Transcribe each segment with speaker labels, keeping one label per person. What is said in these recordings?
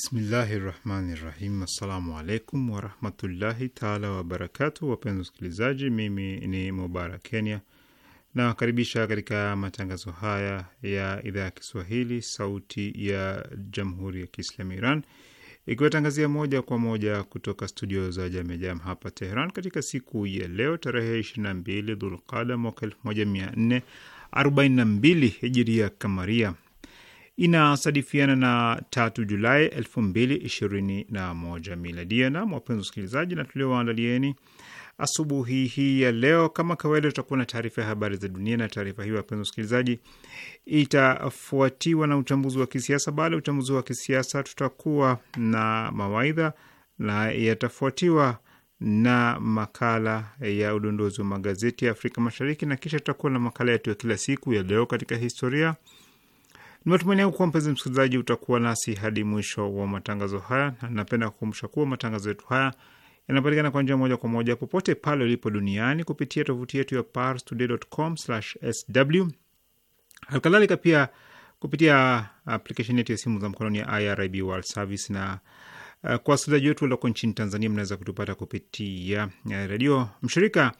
Speaker 1: Bismillahi rahmani rahim. Assalamu alaikum warahmatullahi taala wabarakatu. Wapenzi wasikilizaji, mimi ni Mubarak Kenya nawakaribisha katika matangazo haya ya idhaa ya Kiswahili sauti ya jamhuri ya Kiislamu Iran ikiwatangazia moja kwa moja kutoka studio za Jamejam hapa Teheran katika siku ya leo tarehe 22 Dhulqada mwaka 1442 hijiria kamaria inasadifiana na tatu Julai elfu mbili ishirini na moja miladia. wapenzi wasikilizaji, na tuliowaandalieni asubuhi hii ya leo, kama kawaida, tutakuwa na taarifa ya habari za dunia, na taarifa hiyo, wapenzi wasikilizaji, itafuatiwa na uchambuzi wa kisiasa. Baada ya uchambuzi wa kisiasa, tutakuwa na mawaidha na yatafuatiwa na makala ya udondozi wa magazeti ya Afrika Mashariki, na kisha tutakuwa na makala yetu ya kila siku ya leo katika historia ni matumaini yangu kuwa mpenzi msikilizaji utakuwa nasi hadi mwisho wa matangazo haya, na napenda kukumbusha kuwa matangazo yetu haya yanapatikana kwa njia moja kwa moja popote pale ulipo duniani kupitia tovuti yetu ya parstoday.com/sw, halikadhalika pia kupitia aplikesheni yetu ya simu za mkononi ya IRIB World Service na Eh, kwa wasikilizaji wetu walioko nchini Tanzania, mnaweza kutupata kupitia eh, redio mshirika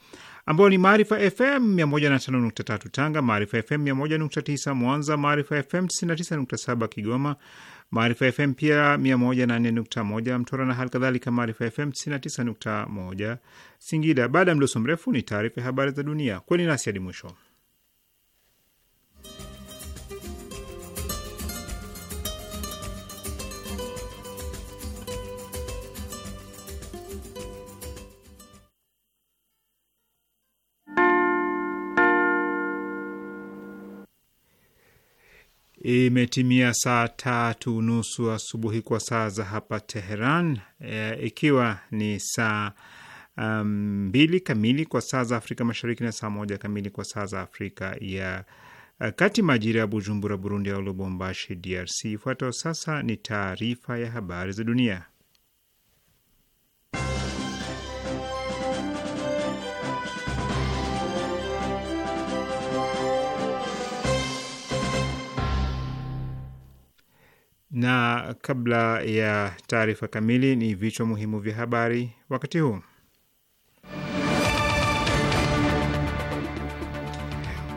Speaker 1: ambayo ni Maarifa FM 105.3 Tanga, Maarifa FM 101.9 Mwanza, Maarifa FM 99.7 Kigoma, Maarifa FM pia 104.1 Mtwara na hali kadhalika Maarifa FM 99.1 Singida. Baada ya mdoso mrefu ni taarifa ya habari za dunia, kweni nasi hadi mwisho. Imetimia saa tatu nusu asubuhi kwa saa za hapa Teheran, e, ikiwa ni saa um, mbili um, kamili kwa saa za Afrika Mashariki na saa moja kamili kwa saa za Afrika ya e, kati, majira ya Bujumbura, Burundi, au Lubumbashi, DRC. Ifuatayo sasa ni taarifa ya habari za dunia. na kabla ya taarifa kamili ni vichwa muhimu vya habari wakati huu.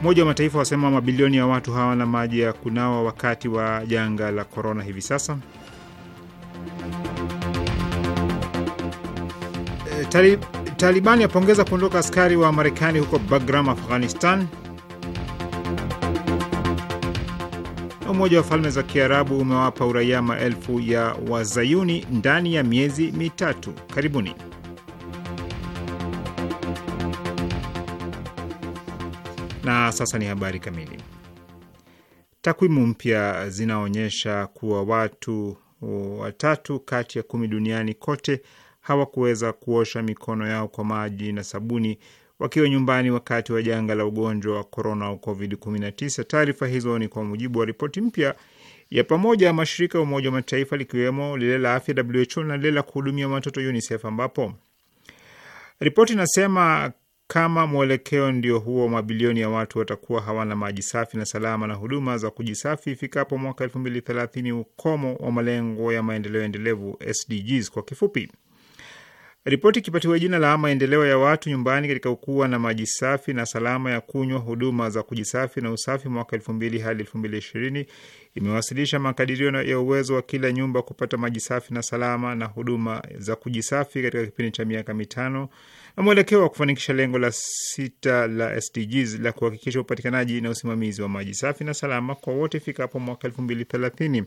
Speaker 1: Umoja wa Mataifa wasema mabilioni ya watu hawana maji ya kunawa wakati wa janga la korona hivi sasa. Eh, Talib, Taliban yapongeza kuondoka askari wa Marekani huko Bagram, Afghanistan. Umoja wa Falme za Kiarabu umewapa uraia maelfu ya wazayuni ndani ya miezi mitatu. Karibuni. Na sasa ni habari kamili. Takwimu mpya zinaonyesha kuwa watu watatu kati ya kumi duniani kote hawakuweza kuosha mikono yao kwa maji na sabuni wakiwa nyumbani wakati wa janga la ugonjwa wa korona wa COVID-19. Taarifa hizo ni kwa mujibu wa ripoti mpya ya pamoja ya mashirika ya Umoja wa Mataifa likiwemo lile la afya WHO na lile la kuhudumia watoto UNICEF, ambapo ripoti inasema kama mwelekeo ndio huo, mabilioni ya watu watakuwa hawana maji safi na salama na huduma za kujisafi ifikapo mwaka 2030, ukomo wa malengo ya maendeleo endelevu SDGs kwa kifupi. Ripoti ikipatiwa jina la maendeleo ya watu nyumbani katika ukuwa na maji safi na salama ya kunywa, huduma za kujisafi na usafi mwaka elfu mbili hadi elfu mbili ishirini imewasilisha makadirio ya uwezo wa kila nyumba kupata maji safi na salama na huduma za kujisafi katika kipindi cha miaka mitano na mwelekeo wa kufanikisha lengo la sita la SDGs la kuhakikisha upatikanaji na usimamizi wa maji safi na salama kwa wote ifikapo mwaka elfu mbili thelathini.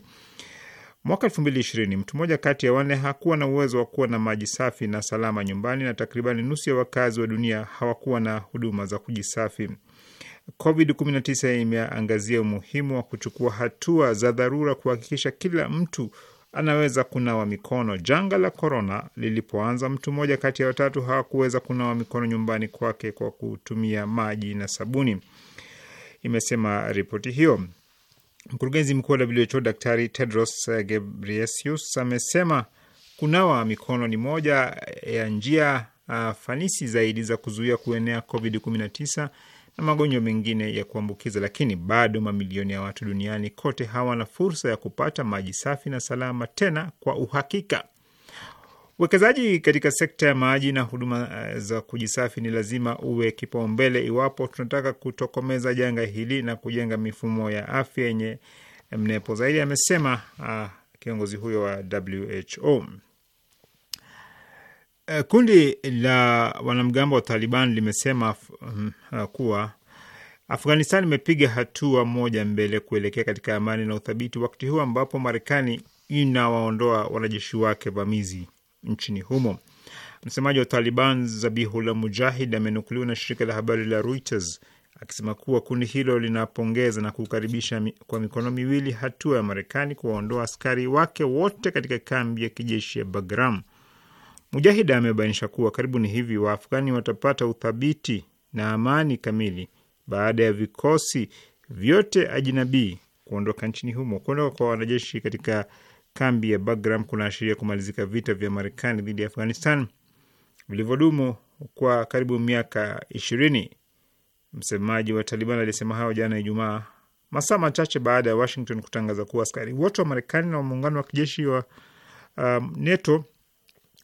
Speaker 1: Mwaka ishirini mtu mmoja kati ya wanne hakuwa na uwezo wa kuwa na maji safi na salama nyumbani na takribani nusu ya wakazi wa dunia hawakuwa na huduma za kujisafi. COVID-19 imeangazia umuhimu wa kuchukua hatua za dharura kuhakikisha kila mtu anaweza kunawa mikono. Janga la korona lilipoanza, mtu mmoja kati ya watatu hawakuweza kunawa mikono nyumbani kwake kwa kutumia maji na sabuni, imesema ripoti hiyo. Mkurugenzi mkuu wa WHO Daktari Tedros eh, Ghebreyesus amesema kunawa mikono ni moja eh, ya njia uh, fanisi zaidi za kuzuia kuenea COVID-19 na magonjwa mengine ya kuambukiza, lakini bado mamilioni ya watu duniani kote hawana fursa ya kupata maji safi na salama tena kwa uhakika. Uwekezaji katika sekta ya maji na huduma eh, za kujisafi ni lazima uwe kipaumbele iwapo tunataka kutokomeza janga hili na kujenga mifumo ya afya yenye mnepo zaidi, amesema ah, kiongozi huyo wa WHO. Eh, kundi la wanamgambo wa Taliban limesema mm, ah, kuwa Afghanistan imepiga hatua moja mbele kuelekea katika amani na uthabiti, wakati huu ambapo Marekani inawaondoa wanajeshi wake vamizi nchini humo. Msemaji wa Taliban Zabihullah Mujahid amenukuliwa na shirika la habari la Reuters akisema kuwa kundi hilo linapongeza na kukaribisha kwa mikono miwili hatua ya Marekani kuwaondoa askari wake wote katika kambi ya kijeshi ya Bagram. Mujahid amebainisha kuwa karibuni hivi Waafghani watapata uthabiti na amani kamili baada ya vikosi vyote ajinabii kuondoka nchini humo. Kuondoka kwa wanajeshi katika kambi ya Bagram kunaashiria kumalizika vita vya Marekani dhidi ya Afghanistan vilivyodumu kwa karibu miaka ishirini. Msemaji wa Taliban alisema hayo jana Ijumaa, masaa machache baada ya Washington kutangaza kuwa askari wote wa Marekani na muungano wa kijeshi wa um, NATO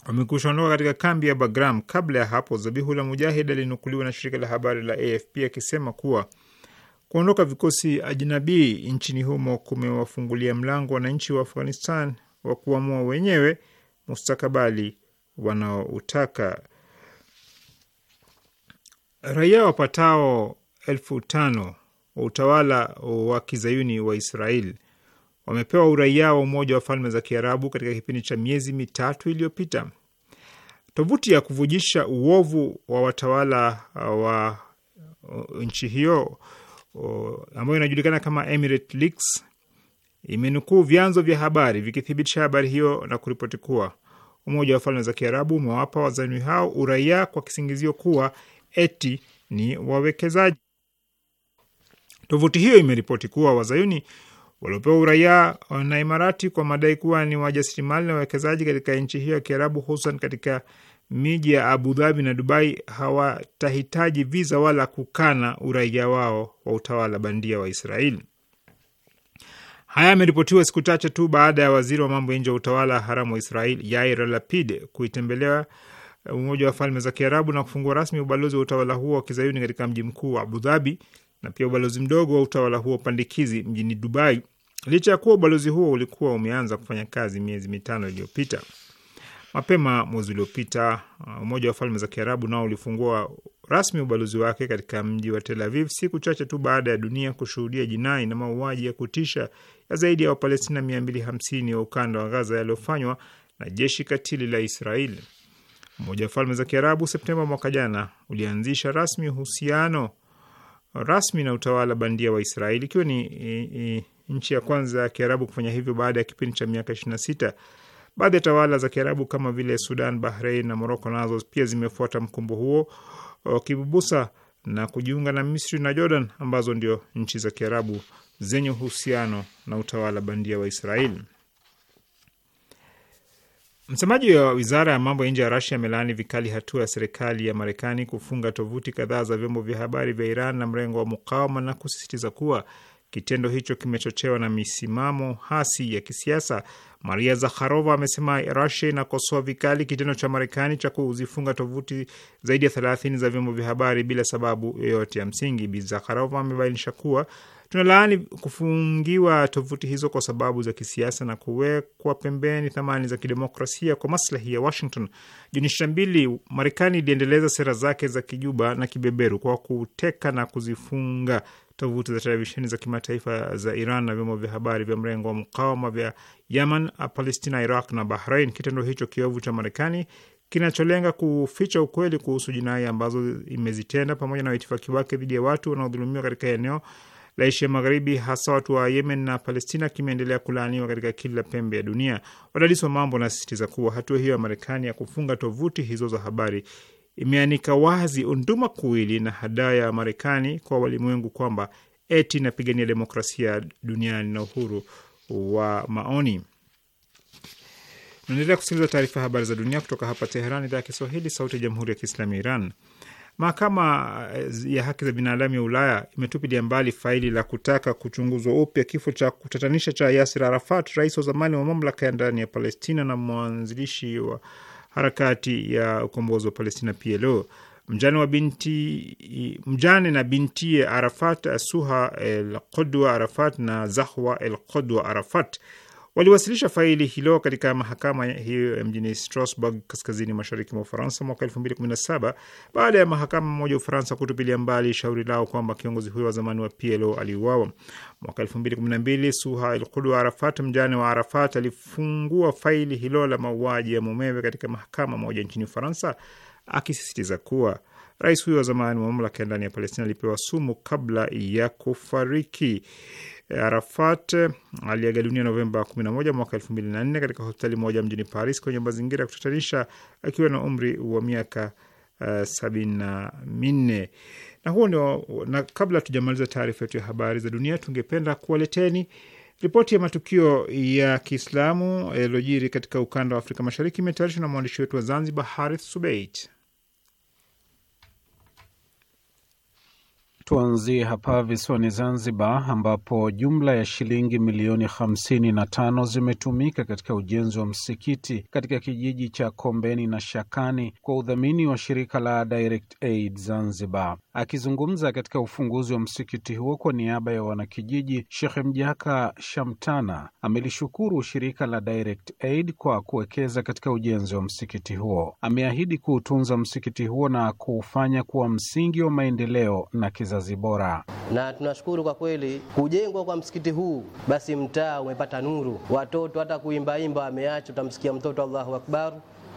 Speaker 1: wamekwisha ondoka katika kambi ya Bagram. Kabla ya hapo, Zabihullah Mujahid alinukuliwa na shirika la habari la AFP akisema kuwa Kuondoka vikosi ajinabii nchini humo kumewafungulia mlango wananchi wa Afghanistan wa kuamua wenyewe mustakabali wanaoutaka. Raia wapatao elfu tano wa utawala wa kizayuni wa Israel wamepewa uraia wa Umoja wa Falme za Kiarabu katika kipindi cha miezi mitatu iliyopita. Tovuti ya kuvujisha uovu wa watawala wa nchi hiyo ambayo inajulikana kama Emirates Leaks imenukuu vyanzo vya habari vikithibitisha habari hiyo na kuripoti kuwa Umoja wa Falme za Kiarabu umewapa wazayuni hao uraia kwa kisingizio kuwa eti ni wawekezaji. Tovuti hiyo imeripoti kuwa wazayuni waliopewa uraia na Imarati kwa madai kuwa ni wajasiriamali na wawekezaji katika nchi hiyo ya Kiarabu, hususan katika miji ya Abu Dhabi na Dubai hawatahitaji viza wala kukana uraia wao wa utawala bandia wa Israeli. Haya yameripotiwa siku chache tu baada ya waziri wa mambo ya nje wa utawala haramu wa Israeli Yair Lapid kuitembelea Umoja wa Falme za Kiarabu na kufungua rasmi ubalozi wa utawala huo wa kizayuni katika mji mkuu wa Abu Dhabi na pia ubalozi mdogo wa utawala huo pandikizi mjini Dubai, licha ya kuwa ubalozi huo ulikuwa umeanza kufanya kazi miezi mitano iliyopita. Mapema mwezi uliopita, uh, Umoja wa Falme za Kiarabu nao ulifungua rasmi ubalozi wake katika mji wa Tel Aviv siku chache tu baada ya dunia kushuhudia jinai na mauaji ya kutisha ya zaidi ya Wapalestina 250 wa ukanda wa Gaza yaliyofanywa na jeshi katili la Israeli. Umoja wa Falme za Kiarabu Septemba mwaka jana ulianzisha rasmi uhusiano rasmi na utawala bandia wa Israeli, ikiwa ni e, e, nchi ya kwanza ya Kiarabu kufanya hivyo baada ya kipindi cha miaka 26 Baadhi ya tawala za Kiarabu kama vile Sudan, Bahrein na Moroko nazo pia zimefuata mkumbo huo uh, kibubusa na kujiunga na Misri na Jordan ambazo ndio nchi za Kiarabu zenye uhusiano na utawala bandia wa Israeli. Msemaji wa wizara ya mambo ya nje ya Rasia amelaani vikali hatua ya serikali ya Marekani kufunga tovuti kadhaa za vyombo vya habari vya Iran na mrengo wa mukawama na kusisitiza kuwa Kitendo hicho kimechochewa na misimamo hasi ya kisiasa. Maria Zakharova amesema Rasia inakosoa vikali kitendo cha Marekani cha kuzifunga tovuti zaidi ya thelathini za vyombo vya habari bila sababu yoyote ya msingi. Bi Zakharova amebainisha kuwa tunalaani kufungiwa tovuti hizo kwa sababu za kisiasa na kuwekwa pembeni thamani za kidemokrasia kwa maslahi ya Washington. Juni ishirini na mbili, Marekani iliendeleza sera zake za kijuba na kibeberu kwa kuteka na kuzifunga tovuti za televisheni za kimataifa za Iran na vyombo vya habari vya mrengo wa mkawama vya Yemen, Palestina, Iraq na Bahrain. Kitendo hicho kiovu cha Marekani kinacholenga kuficha ukweli kuhusu jinai ambazo imezitenda pamoja na waitifaki wake dhidi ya watu wanaodhulumiwa katika eneo la Asia Magharibi, hasa watu wa Yemen na Palestina, kimeendelea kulaaniwa katika kila pembe ya dunia. Wadadisi wa mambo wanasisitiza kuwa hatua hiyo ya Marekani ya kufunga tovuti hizo za habari imeanika wazi unduma kuwili na hadaa ya Marekani kwa walimwengu kwamba eti inapigania demokrasia duniani na uhuru wa maoni. Naendelea kusikiliza taarifa ya habari za dunia kutoka hapa Teheran, idhaa ya Kiswahili, sauti ya jamhuri ya kiislamu ya Iran. Mahakama eh, ya haki za binadamu ya Ulaya imetupilia mbali faili la kutaka kuchunguzwa upya kifo cha kutatanisha cha Yasir Arafat, rais wa zamani wa mamlaka ya ndani ya Palestina na mwanzilishi wa harakati ya ukombozi wa Palestina PLO. Mjane wa binti, mjane na bintie Arafat, Suha el Qudwa Arafat na Zahwa el Qudwa Arafat Waliwasilisha faili hilo katika mahakama hiyo ya mjini Strasbourg, kaskazini mashariki mwa Ufaransa mwaka 2017 baada ya mahakama mmoja wa Ufaransa kutupilia mbali shauri lao kwamba kiongozi huyo wa zamani wa PLO aliuawa. Mwaka 2012 Suha El Qudwa Arafat, mjane wa Arafat, alifungua faili hilo la mauaji ya mumewe katika mahakama moja nchini Ufaransa, akisisitiza kuwa rais huyo wa zamani wa mamlaka ya ndani ya Palestina alipewa sumu kabla ya kufariki. Eh, Arafat eh, aliaga dunia Novemba 11 mwaka 2004 katika hospitali moja mjini Paris kwenye mazingira ya kutatanisha akiwa na umri wa miaka eh, sabini na minne na huo ndio. Na kabla tujamaliza taarifa yetu ya habari za dunia, tungependa kuwaleteni ripoti ya matukio ya Kiislamu yaliyojiri katika ukanda wa Afrika Mashariki. Imetayarishwa na mwandishi wetu wa Zanzibar, Harith Subait.
Speaker 2: Tuanzie hapa visiwani Zanzibar, ambapo jumla ya shilingi milioni hamsini na tano zimetumika katika ujenzi wa msikiti katika kijiji cha Kombeni na Shakani kwa udhamini wa shirika la Direct Aid Zanzibar. Akizungumza katika ufunguzi wa msikiti huo kwa niaba ya wanakijiji, Shekhe Mjaka Shamtana amelishukuru shirika la Direct Aid kwa kuwekeza katika ujenzi wa msikiti huo. Ameahidi kuutunza msikiti huo na kuufanya kuwa msingi wa maendeleo na kizazi bora.
Speaker 3: Na tunashukuru kwa kweli kujengwa kwa msikiti huu, basi mtaa umepata nuru, watoto hata kuimbaimba wameacha, utamsikia mtoto Allahu akbar,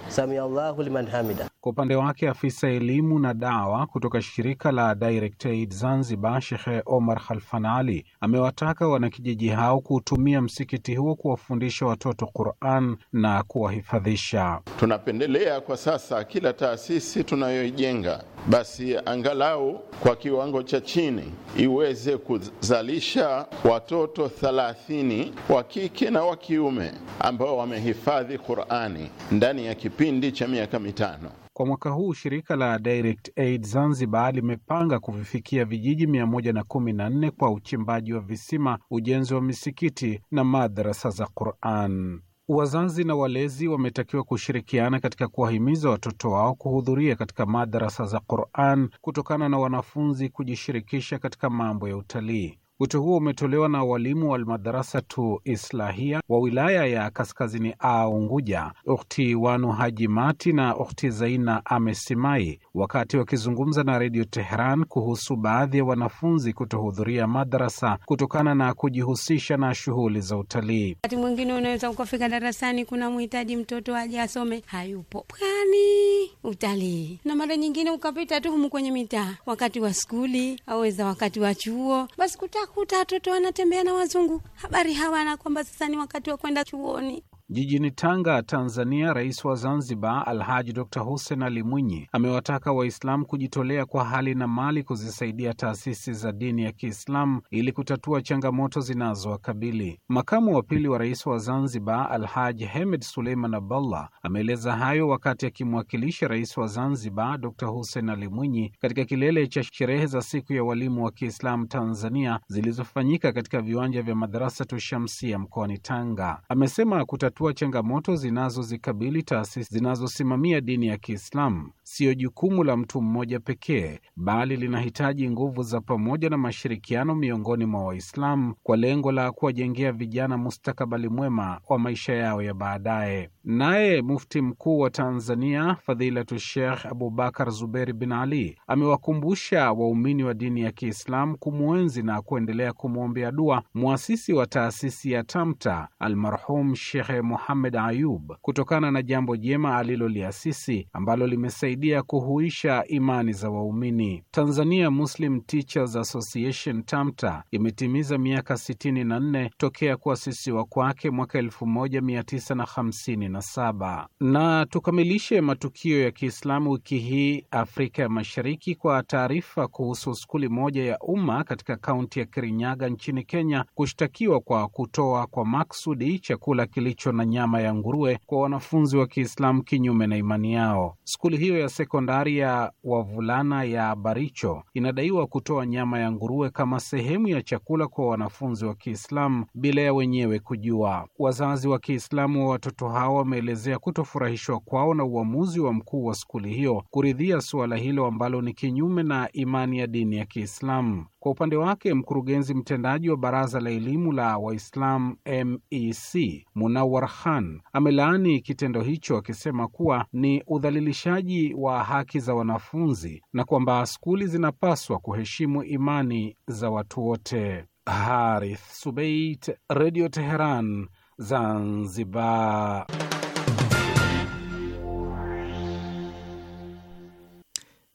Speaker 3: samia Allahu liman hamida
Speaker 2: kwa upande wake afisa elimu na dawa kutoka shirika la Direct Aid Zanzibar, Shehe Omar Khalfan amewataka wanakijiji hao kuutumia msikiti huo kuwafundisha watoto Quran na kuwahifadhisha.
Speaker 1: Tunapendelea kwa sasa kila taasisi tunayoijenga basi angalau kwa kiwango cha chini iweze kuzalisha watoto thalathini wa kike na wa kiume ambao wamehifadhi Qurani ndani ya kipindi cha miaka mitano.
Speaker 2: Kwa mwaka huu shirika la Direct Aid Zanzibar limepanga kuvifikia vijiji mia moja na kumi na nne kwa uchimbaji wa visima, ujenzi wa misikiti na madrasa za Quran. Wazazi na walezi wametakiwa kushirikiana katika kuwahimiza watoto wao kuhudhuria katika madarasa za Quran kutokana na wanafunzi kujishirikisha katika mambo ya utalii. Wito huo umetolewa na walimu wa tu Islahia wa wilaya ya Kaskazini A Unguja, Ukhti Wanu Haji Mati na Ukhti Zaina Amesimai wakati wakizungumza na redio Teheran kuhusu baadhi ya wanafunzi kutohudhuria madarasa kutokana na kujihusisha na shughuli za utalii. Wakati
Speaker 3: mwingine unaweza ukafika darasani, kuna mhitaji mtoto aje asome, hayupo. Pwani utalii, na mara nyingine ukapita tu humu kwenye mitaa, wakati wa skuli auweza wakati wa chuo, basi kutakuta watoto wanatembea na wazungu, habari hawana kwamba sasa ni wakati wa kwenda chuoni.
Speaker 2: Jijini Tanga, Tanzania, Rais wa Zanzibar Alhaji Dr Hussein Ali Mwinyi amewataka Waislamu kujitolea kwa hali na mali kuzisaidia taasisi za dini ya Kiislamu ili kutatua changamoto zinazowakabili. Makamu wa pili wa rais wa Zanzibar Alhaji Hemed Suleiman Abdallah ameeleza hayo wakati akimwakilisha rais wa Zanzibar Dr Hussein Ali Mwinyi katika kilele cha sherehe za siku ya walimu wa Kiislamu Tanzania zilizofanyika katika viwanja vya madarasa tushamsia mkoani Tanga. Amesema kuta kutatua changamoto zinazozikabili taasisi zinazosimamia dini ya Kiislamu siyo jukumu la mtu mmoja pekee, bali linahitaji nguvu za pamoja na mashirikiano miongoni mwa Waislamu kwa lengo la kuwajengea vijana mustakabali mwema wa maisha yao ya baadaye. Naye mufti mkuu wa Tanzania Fadhilatu Sheikh Abubakar Zuberi bin Ali amewakumbusha waumini wa dini ya Kiislamu kumwenzi na kuendelea kumwombea dua mwasisi wa taasisi ya Tamta almarhum Shekhe Muhammed Ayub kutokana na jambo jema aliloliasisi ambalo limesaidia kusaidia kuhuisha imani za waumini. Tanzania Muslim Teachers Association TAMTA imetimiza miaka 64 tokea kuasisiwa kwake mwaka 1957. Na tukamilishe matukio ya Kiislamu wiki hii Afrika ya Mashariki kwa taarifa kuhusu skuli moja ya umma katika kaunti ya Kirinyaga nchini Kenya kushtakiwa kwa kutoa kwa maksudi chakula kilicho na nyama ya nguruwe kwa wanafunzi wa Kiislamu kinyume na imani yao. Skuli hiyo ya ya sekondari ya wavulana ya Baricho inadaiwa kutoa nyama ya nguruwe kama sehemu ya chakula kwa wanafunzi wa Kiislamu bila ya wenyewe kujua. Wazazi wa Kiislamu wa watoto hao wameelezea kutofurahishwa kwao na uamuzi wa mkuu wa skuli hiyo kuridhia suala hilo ambalo ni kinyume na imani ya dini ya Kiislamu. Kwa upande wake, mkurugenzi mtendaji wa Baraza la Elimu la waislam MEC Munawar Khan amelaani kitendo hicho akisema kuwa ni udhalilishaji wa haki za wanafunzi na kwamba skuli zinapaswa kuheshimu imani za watu wote. Harith Subeit, Radio Teheran, Zanzibar.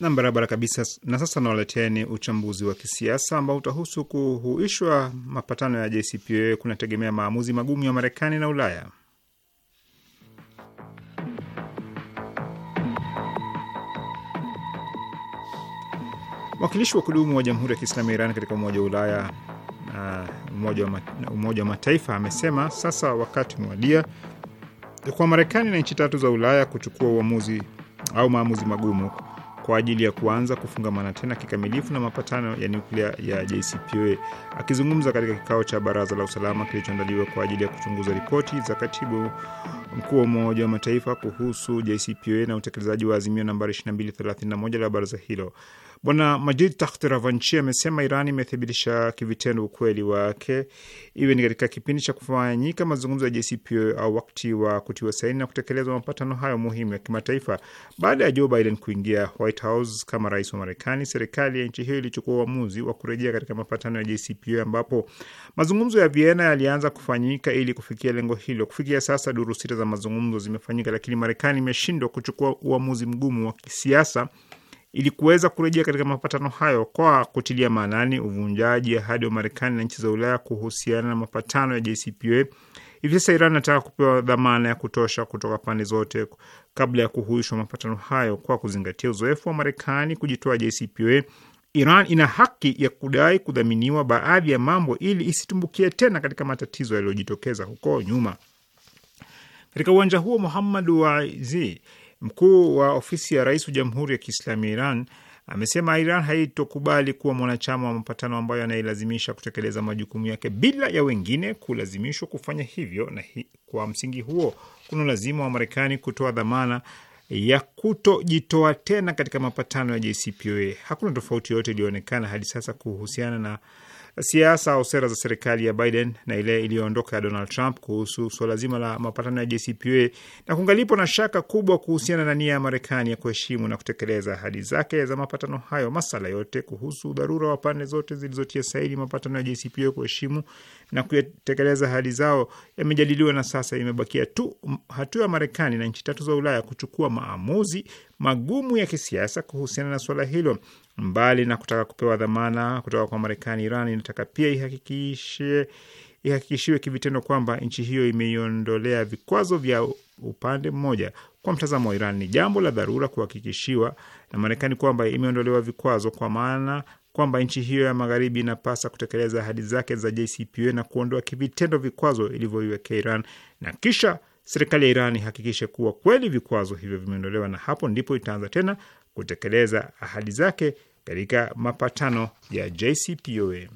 Speaker 1: Nam, barabara kabisa. Na sasa nawaleteni uchambuzi wa kisiasa ambao utahusu kuhuishwa mapatano ya JCPOA kunategemea maamuzi magumu ya Marekani na Ulaya. Mwakilishi wa kudumu wa Jamhuri ya Kiislamu ya Iran katika Umoja wa Ulaya na Umoja wa Mataifa amesema sasa wakati umewadia kwa Marekani na nchi tatu za Ulaya kuchukua uamuzi au maamuzi magumu kwa ajili ya kuanza kufungamana tena kikamilifu na mapatano ya nyuklia ya JCPOA. Akizungumza katika kikao cha baraza la usalama kilichoandaliwa kwa ajili ya kuchunguza ripoti za katibu mkuu wa Umoja wa Mataifa kuhusu JCPOA na utekelezaji wa azimio nambari 2231 la baraza hilo Bwana Majid Takht amesema Iran imethibitisha kivitendo ukweli wake, iwe ni katika kipindi cha kufanyika mazungumzo ya JCPOA au wakati wa kutiwa saini na kutekelezwa mapatano hayo muhimu ya kimataifa. Baada ya Joe Biden kuingia White House kama rais wa Marekani, serikali ya nchi hiyo ilichukua uamuzi wa kurejea katika mapatano ya JCPOA ambapo mazungumzo ya Vienna yalianza kufanyika ili kufikia lengo hilo. Kufikia sasa, duru sita za mazungumzo zimefanyika, lakini Marekani imeshindwa kuchukua uamuzi mgumu wa kisiasa ili kuweza kurejea katika mapatano hayo kwa kutilia maanani uvunjaji ahadi wa Marekani na nchi za Ulaya kuhusiana na mapatano ya JCPOA. Hivi sasa Iran nataka kupewa dhamana ya kutosha kutoka pande zote kabla ya kuhuishwa mapatano hayo. Kwa kuzingatia uzoefu wa Marekani kujitoa JCPOA, Iran ina haki ya kudai kudhaminiwa baadhi ya mambo ili isitumbukie tena katika matatizo yaliyojitokeza huko nyuma. Katika uwanja huo Muhammad Waizi Mkuu wa ofisi ya rais wa Jamhuri ya Kiislamu ya Iran amesema Iran haitokubali kuwa mwanachama wa mapatano ambayo yanailazimisha kutekeleza majukumu yake bila ya wengine kulazimishwa kufanya hivyo, na hi, kwa msingi huo kuna lazima wa Marekani kutoa dhamana ya kutojitoa tena katika mapatano ya JCPOA. Hakuna tofauti yoyote iliyoonekana hadi sasa kuhusiana na siasa au sera za serikali ya Biden na ile iliyoondoka ya Donald Trump kuhusu suala zima la mapatano ya JCPOA na kungalipo na shaka kubwa kuhusiana na nia ya Marekani ya kuheshimu na kutekeleza ahadi zake za mapatano hayo. Masala yote kuhusu dharura wa pande zote zilizotia saini mapatano ya JCPOA kuheshimu na kutekeleza hali zao yamejadiliwa na sasa imebakia tu hatua ya Marekani na nchi tatu za Ulaya kuchukua maamuzi magumu ya kisiasa kuhusiana na suala hilo. Mbali na kutaka kupewa dhamana kutoka kwa Marekani, Iran inataka pia ihakikishe ihakikishiwe kivitendo kwamba nchi hiyo imeiondolea vikwazo vya upande mmoja. Kwa mtazamo wa Iran, ni jambo la dharura kuhakikishiwa na Marekani kwamba imeondolewa vikwazo, kwa maana kwamba nchi hiyo ya magharibi inapasa kutekeleza ahadi zake za JCPOA na kuondoa kivitendo vikwazo ilivyoiwekea Iran na kisha serikali ya Iran ihakikishe kuwa kweli vikwazo hivyo vimeondolewa, na hapo ndipo itaanza tena kutekeleza ahadi zake katika mapatano ya JCPOA.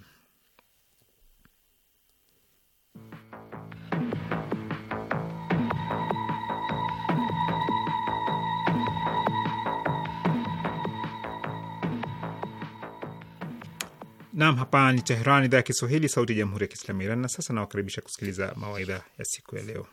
Speaker 1: Naam, hapa ni Teheran, idhaa ya Kiswahili, sauti ya jamhuri ya kiislamu Iran. Na sasa nawakaribisha kusikiliza mawaidha ya siku ya leo.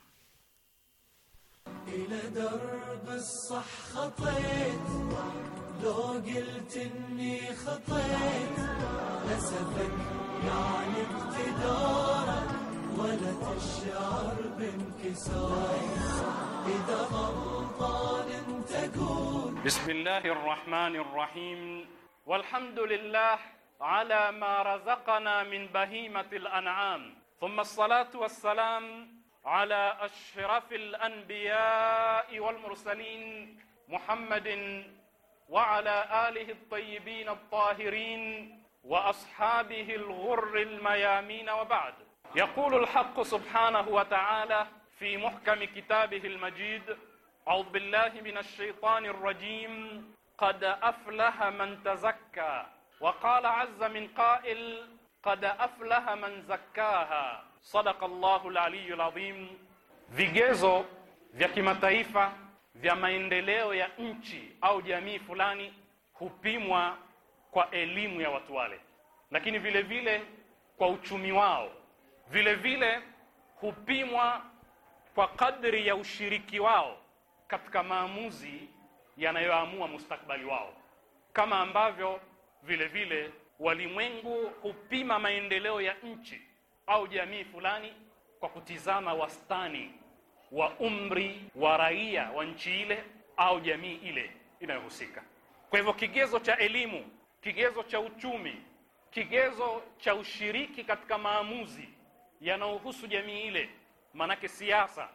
Speaker 4: Bismillahir Rahmanir rahim walhamdulillah على ما رزقنا من بهيمة الأنعام ثم الصلاة والسلام على أشرف الأنبياء والمرسلين محمد وعلى آله الطيبين الطاهرين وأصحابه الغر الميامين وبعد يقول الحق سبحانه وتعالى في محكم كتابه المجيد أعوذ بالله من الشيطان الرجيم قد أفلح من تزكى وقال عز min قائل qad aflaha man zakkaha sadaqa Allahu al-aliyyu al-azim. Vigezo vya kimataifa vya maendeleo ya nchi au jamii fulani hupimwa kwa elimu ya watu wale, lakini vile vile kwa uchumi wao, vile vile hupimwa kwa kadri ya ushiriki wao katika maamuzi yanayoamua mustakbali wao kama ambavyo vile vile walimwengu hupima maendeleo ya nchi au jamii fulani kwa kutizama wastani wa umri wa raia wa nchi ile au jamii ile inayohusika. Kwa hivyo, kigezo cha elimu, kigezo cha uchumi, kigezo cha ushiriki katika maamuzi yanayohusu jamii ile, maanake siasa,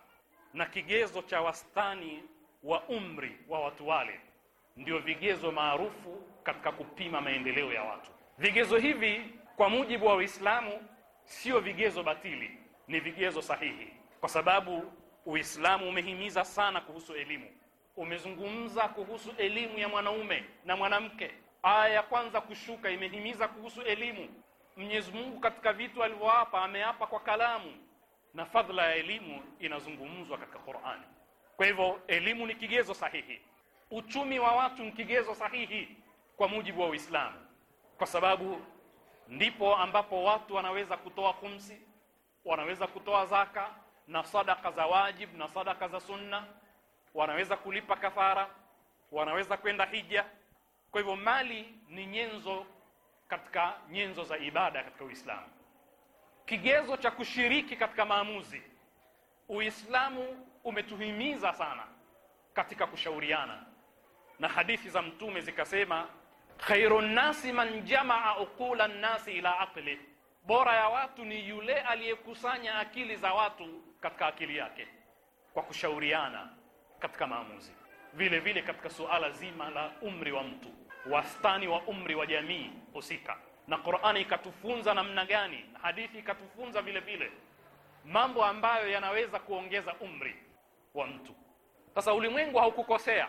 Speaker 4: na kigezo cha wastani wa umri wa watu wale ndio vigezo maarufu katika kupima maendeleo ya watu. Vigezo hivi kwa mujibu wa Uislamu sio vigezo batili, ni vigezo sahihi, kwa sababu Uislamu umehimiza sana kuhusu elimu, umezungumza kuhusu elimu ya mwanaume na mwanamke. Aya ya kwanza kushuka imehimiza kuhusu elimu. Mwenyezi Mungu katika vitu alivyoapa ameapa kwa kalamu, na fadhila ya elimu inazungumzwa katika Qur'ani. Kwa hivyo elimu ni kigezo sahihi uchumi wa watu ni kigezo sahihi kwa mujibu wa Uislamu, kwa sababu ndipo ambapo watu wanaweza kutoa khumsi, wanaweza kutoa zaka na sadaka za wajib na sadaka za sunna, wanaweza kulipa kafara, wanaweza kwenda hija. Kwa hivyo mali ni nyenzo katika nyenzo za ibada katika Uislamu, kigezo cha kushiriki katika maamuzi. Uislamu umetuhimiza sana katika kushauriana na hadithi za mtume zikasema, khairu nnasi man jamaa uqula nnasi ila aqli, bora ya watu ni yule aliyekusanya akili za watu katika akili yake kwa kushauriana katika maamuzi. Vile vile katika suala zima la umri wa mtu, wastani wa umri wa jamii husika, na Qur'ani ikatufunza namna gani, na hadithi ikatufunza vile vile mambo ambayo yanaweza kuongeza umri wa mtu. Sasa ulimwengu haukukosea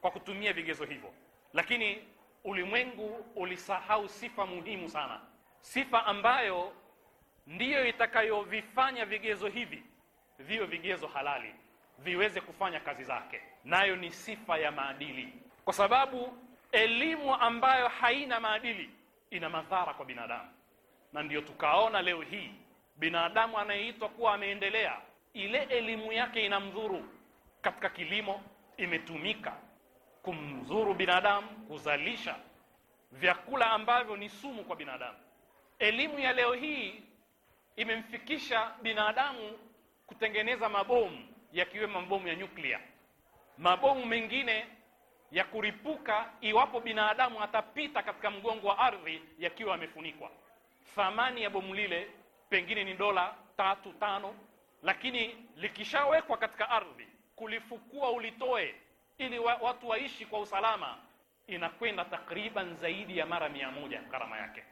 Speaker 4: kwa kutumia vigezo hivyo lakini ulimwengu ulisahau sifa muhimu sana sifa ambayo ndiyo itakayovifanya vigezo hivi vio vigezo halali viweze kufanya kazi zake nayo ni sifa ya maadili kwa sababu elimu ambayo haina maadili ina madhara kwa binadamu na ndiyo tukaona leo hii binadamu anayeitwa kuwa ameendelea ile elimu yake inamdhuru katika kilimo imetumika kumdhuru binadamu, kuzalisha vyakula ambavyo ni sumu kwa binadamu. Elimu ya leo hii imemfikisha binadamu kutengeneza mabomu yakiwemo mabomu ya nyuklia, mabomu mengine ya kuripuka iwapo binadamu atapita katika mgongo wa ardhi yakiwa yamefunikwa. Thamani ya bomu lile pengine ni dola tatu tano, lakini likishawekwa katika ardhi, kulifukua ulitoe ili wa, watu waishi kwa usalama inakwenda takriban zaidi ya mara mia moja gharama yake.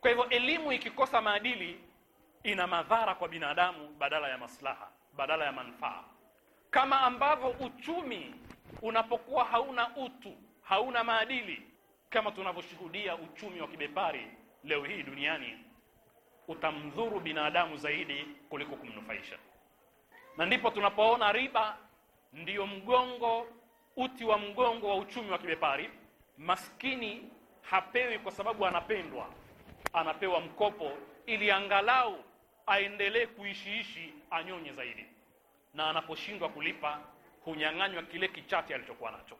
Speaker 4: Kwa hivyo elimu ikikosa maadili ina madhara kwa binadamu badala ya maslaha, badala ya manufaa, kama ambavyo uchumi unapokuwa hauna utu, hauna maadili, kama tunavyoshuhudia uchumi wa kibepari leo hii duniani, utamdhuru binadamu zaidi kuliko kumnufaisha, na ndipo tunapoona riba ndiyo mgongo uti wa mgongo wa uchumi wa kibepari maskini hapewi kwa sababu anapendwa anapewa mkopo ili angalau aendelee kuishiishi anyonye zaidi na anaposhindwa kulipa hunyang'anywa kile kichache alichokuwa nacho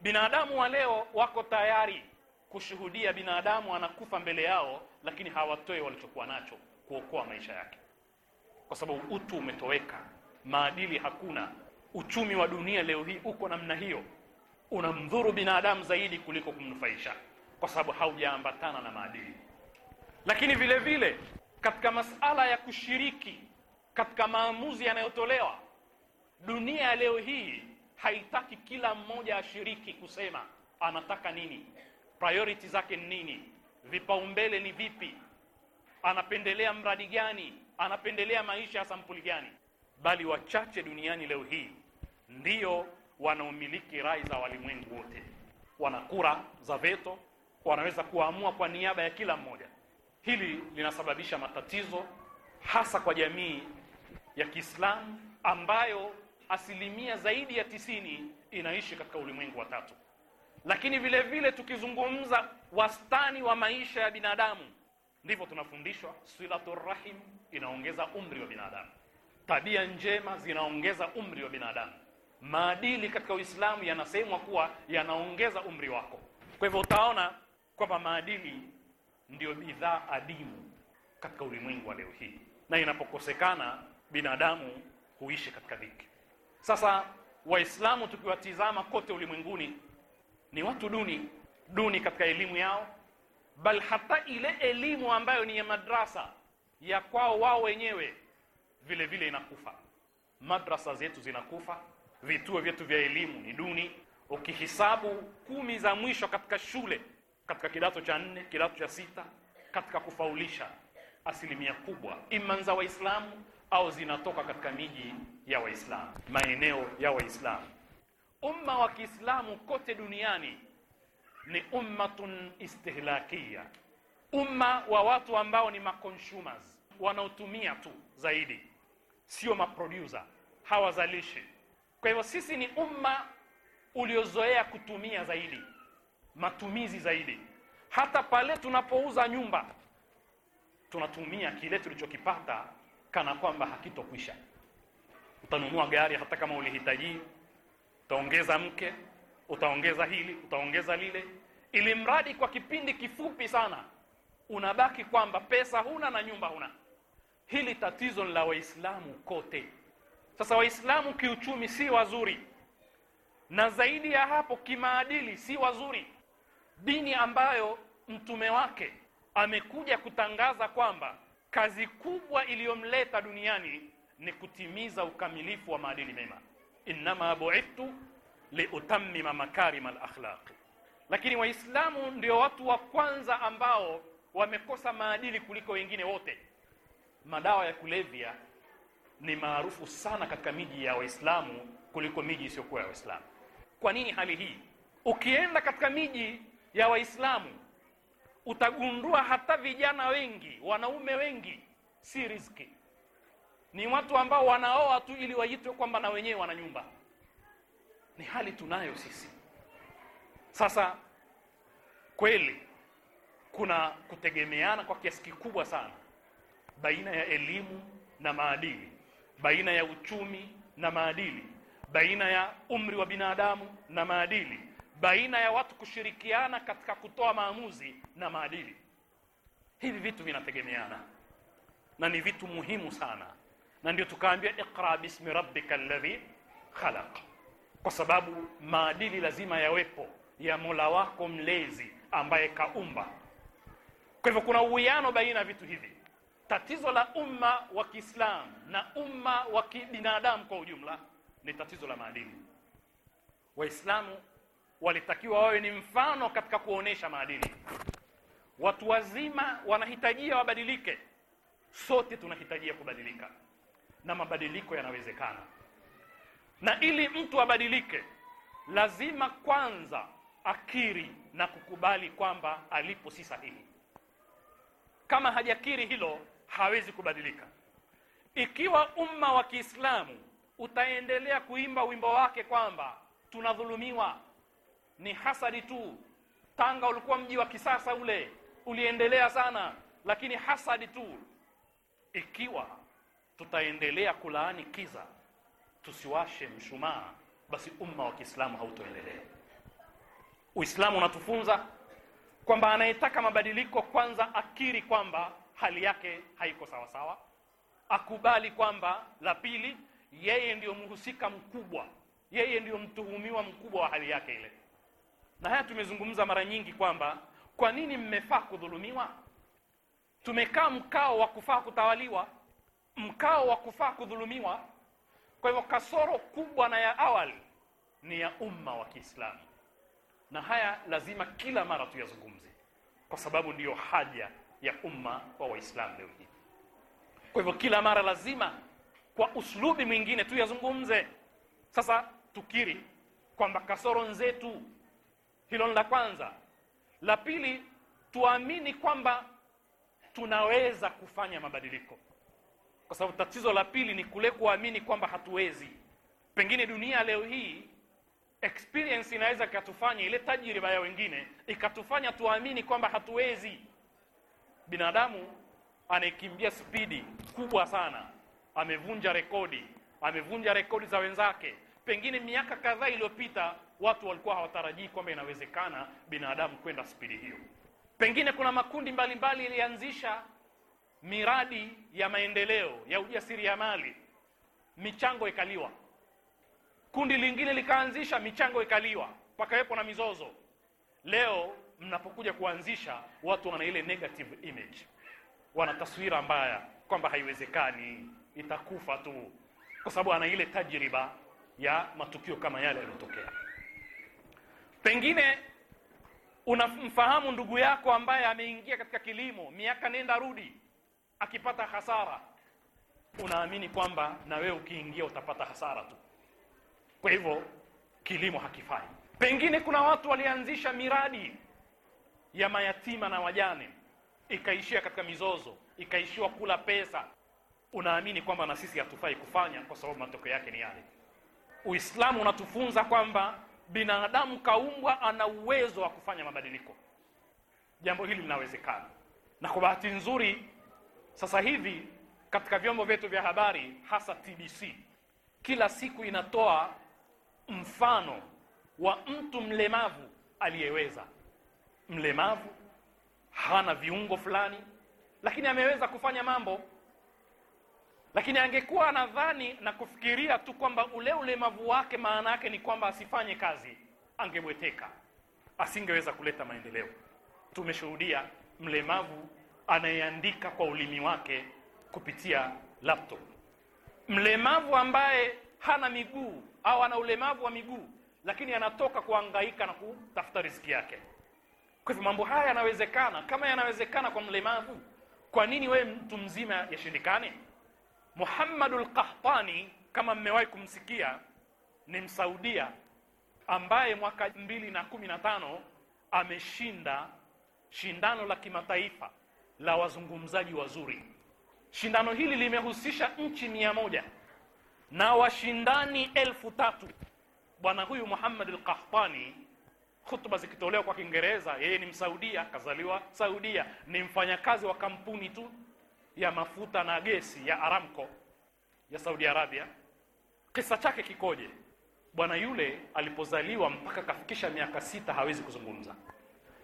Speaker 4: binadamu wa leo wako tayari kushuhudia binadamu anakufa mbele yao lakini hawatoe walichokuwa nacho kuokoa maisha yake kwa sababu utu umetoweka maadili hakuna uchumi wa dunia leo hii uko namna hiyo unamdhuru binadamu zaidi kuliko kumnufaisha kwa sababu haujaambatana na maadili lakini vile vile katika masala ya kushiriki katika maamuzi yanayotolewa dunia leo hii haitaki kila mmoja ashiriki kusema anataka nini priority zake ni nini vipaumbele ni vipi anapendelea mradi gani anapendelea maisha ya sampuli gani bali wachache duniani leo hii ndio wanaomiliki rai za walimwengu wote, wana kura za veto, wanaweza kuamua kwa niaba ya kila mmoja. Hili linasababisha matatizo hasa kwa jamii ya Kiislamu ambayo asilimia zaidi ya tisini inaishi katika ulimwengu wa tatu. Lakini vile vile tukizungumza wastani wa maisha ya binadamu, ndivyo tunafundishwa silatur rahim inaongeza umri wa binadamu, tabia njema zinaongeza umri wa binadamu maadili katika Uislamu yanasemwa kuwa yanaongeza umri wako. Kwa hivyo utaona kwamba maadili ndiyo bidhaa adimu katika ulimwengu wa leo hii, na inapokosekana binadamu huishi katika dhiki. Sasa Waislamu tukiwatizama kote ulimwenguni ni watu duni duni katika elimu yao, bal hata ile elimu ambayo ni ya madrasa ya kwao wao wenyewe vile vile inakufa. Madrasa zetu zinakufa vituo vyetu vya elimu ni duni. ukihisabu kumi za mwisho katika shule, katika kidato cha nne, kidato cha sita, katika kufaulisha, asilimia kubwa iman za Waislamu au zinatoka katika miji ya Waislamu, maeneo ya Waislamu. Umma wa Kiislamu kote duniani ni ummatun istihlakia, umma wa watu ambao ni makonsumers, wanaotumia tu zaidi, sio maproducer, hawazalishi kwa hivyo sisi ni umma uliozoea kutumia zaidi, matumizi zaidi. Hata pale tunapouza nyumba tunatumia kile tulichokipata kana kwamba hakitokwisha. Utanunua gari hata kama ulihitaji, utaongeza mke, utaongeza hili, utaongeza lile, ili mradi kwa kipindi kifupi sana unabaki kwamba pesa huna na nyumba huna. Hili tatizo ni la Waislamu kote. Sasa Waislamu kiuchumi si wazuri, na zaidi ya hapo kimaadili si wazuri. Dini ambayo mtume wake amekuja kutangaza kwamba kazi kubwa iliyomleta duniani ni kutimiza ukamilifu wa maadili mema, innama buithtu liutammima makarima lakhlaqi Lakini Waislamu ndio watu wa kwanza ambao wamekosa maadili kuliko wengine wote. Madawa ya kulevya ni maarufu sana katika miji ya Waislamu kuliko miji isiyokuwa ya Waislamu. Kwa nini hali hii? Ukienda katika miji ya Waislamu utagundua hata vijana wengi, wanaume wengi, si riziki, ni watu ambao wanaoa tu ili waitwe kwamba na wenyewe wana nyumba. Ni hali tunayo sisi sasa. Kweli kuna kutegemeana kwa kiasi kikubwa sana baina ya elimu na maadili baina ya uchumi na maadili baina ya umri wa binadamu na maadili baina ya watu kushirikiana katika kutoa maamuzi na maadili hivi vitu vinategemeana na ni vitu muhimu sana na ndio tukaambia iqra bismi rabbika alladhi khalaq kwa sababu maadili lazima yawepo ya Mola wako mlezi ambaye kaumba kwa hivyo kuna uwiano baina ya vitu hivi tatizo la umma wa Kiislamu na umma wa kibinadamu kwa ujumla ni tatizo la maadili. Waislamu walitakiwa wawe ni mfano katika kuonesha maadili. Watu wazima wanahitajia wabadilike, sote tunahitajia kubadilika, na mabadiliko yanawezekana. Na ili mtu abadilike, lazima kwanza akiri na kukubali kwamba alipo si sahihi. Kama hajakiri hilo hawezi kubadilika ikiwa umma wa Kiislamu utaendelea kuimba wimbo wake kwamba tunadhulumiwa ni hasadi tu Tanga ulikuwa mji wa kisasa ule uliendelea sana lakini hasadi tu ikiwa tutaendelea kulaani kiza tusiwashe mshumaa basi umma wa Kiislamu hautoendelea Uislamu unatufunza kwamba anayetaka mabadiliko kwanza akiri kwamba hali yake haiko sawa sawa akubali kwamba la pili yeye ndiyo mhusika mkubwa yeye ndiyo mtuhumiwa mkubwa wa hali yake ile na haya tumezungumza mara nyingi kwamba kwa nini mmefaa kudhulumiwa tumekaa mkao wa kufaa kutawaliwa mkao wa kufaa kudhulumiwa kwa hivyo kasoro kubwa na ya awali ni ya umma wa Kiislamu na haya lazima kila mara tuyazungumze kwa sababu ndiyo haja ya umma wa Waislamu leo hii. Kwa hivyo kila mara lazima kwa uslubi mwingine tu yazungumze Sasa tukiri kwamba kasoro nzetu hilo ni la kwanza. La pili, tuamini kwamba tunaweza kufanya mabadiliko, kwa sababu tatizo la pili ni kule kuamini kwamba hatuwezi. Pengine dunia leo hii experience inaweza ikatufanya ile tajriba ya wengine ikatufanya tuamini kwamba hatuwezi binadamu anayekimbia spidi kubwa sana amevunja rekodi amevunja rekodi za wenzake pengine miaka kadhaa iliyopita watu walikuwa hawatarajii kwamba inawezekana binadamu kwenda spidi hiyo pengine kuna makundi mbalimbali yalianzisha miradi ya maendeleo ya ujasiriamali michango ikaliwa kundi lingine likaanzisha michango ikaliwa pakawepo na mizozo leo mnapokuja kuanzisha watu wana ile negative image, wana taswira mbaya kwamba haiwezekani, itakufa tu, kwa sababu ana ile tajriba ya matukio kama yale yaliyotokea. Pengine unamfahamu ndugu yako ambaye ameingia katika kilimo miaka nenda rudi, akipata hasara, unaamini kwamba na wewe ukiingia utapata hasara tu. Kwa hivyo kilimo hakifai. Pengine kuna watu walianzisha miradi ya mayatima na wajane, ikaishia katika mizozo, ikaishiwa kula pesa, unaamini kwamba na sisi hatufai kufanya, kwa sababu matokeo yake ni yale. Uislamu unatufunza kwamba binadamu kaumbwa, ana uwezo wa kufanya mabadiliko. Jambo hili linawezekana, na kwa bahati nzuri sasa hivi katika vyombo vyetu vya habari hasa TBC kila siku inatoa mfano wa mtu mlemavu aliyeweza mlemavu, hana viungo fulani, lakini ameweza kufanya mambo. Lakini angekuwa anadhani na kufikiria tu kwamba ule ulemavu wake maana yake ni kwamba asifanye kazi, angebweteka, asingeweza kuleta maendeleo. Tumeshuhudia mlemavu anayeandika kwa ulimi wake kupitia laptop, mlemavu ambaye hana miguu au ana ulemavu wa miguu, lakini anatoka kuangaika na kutafuta riziki yake. Kwa hivyo mambo haya yanawezekana. Kama yanawezekana kwa mlemavu, kwa nini wewe mtu mzima yashindikane? Muhammadul Qahtani, kama mmewahi kumsikia, ni Msaudia ambaye mwaka mbili na kumi na tano ameshinda shindano la kimataifa la wazungumzaji wazuri. Shindano hili limehusisha nchi mia moja na washindani elfu tatu. Bwana huyu muhammad al Qahtani hutuba zikitolewa kwa Kiingereza. Yeye ni Msaudia, kazaliwa Saudia, ni mfanyakazi wa kampuni tu ya mafuta na gesi ya Aramco ya Saudi Arabia. Kisa chake kikoje? Bwana yule alipozaliwa mpaka kafikisha miaka sita hawezi kuzungumza,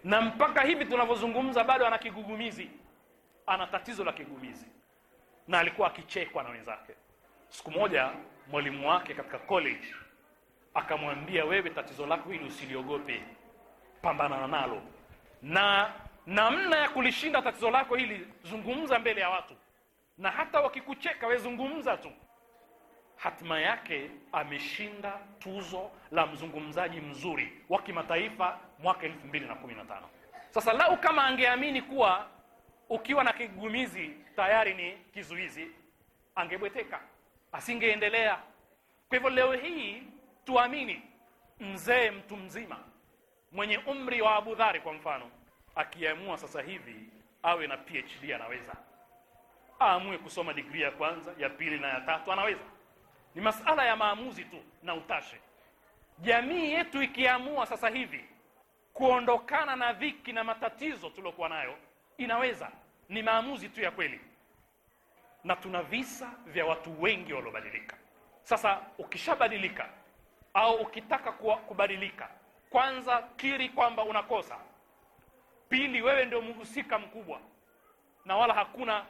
Speaker 4: na mpaka hivi tunavyozungumza bado ana kigugumizi, ana tatizo la kigugumizi, na alikuwa akichekwa na wenzake. Siku moja mwalimu wake katika college akamwambia wewe tatizo lako hili usiliogope pambana nalo na namna ya kulishinda tatizo lako hili zungumza mbele ya watu na hata wakikucheka wezungumza tu hatima yake ameshinda tuzo la mzungumzaji mzuri wa kimataifa mwaka elfu na na kumi tano. sasa lau kama angeamini kuwa ukiwa na kigumizi tayari ni kizuizi angebweteka asingeendelea kwa hivyo leo hii tuamini mzee mtu mzima mwenye umri wa Abu Dhari kwa mfano akiamua sasa hivi awe na PhD anaweza aamue kusoma digrii ya kwanza ya pili na ya tatu anaweza ni masala ya maamuzi tu na utashe jamii yetu ikiamua sasa hivi kuondokana na dhiki na matatizo tuliokuwa nayo inaweza ni maamuzi tu ya kweli na tuna visa vya watu wengi waliobadilika sasa ukishabadilika au ukitaka kubadilika kwanza kiri kwamba unakosa pili wewe ndio mhusika mkubwa na wala hakuna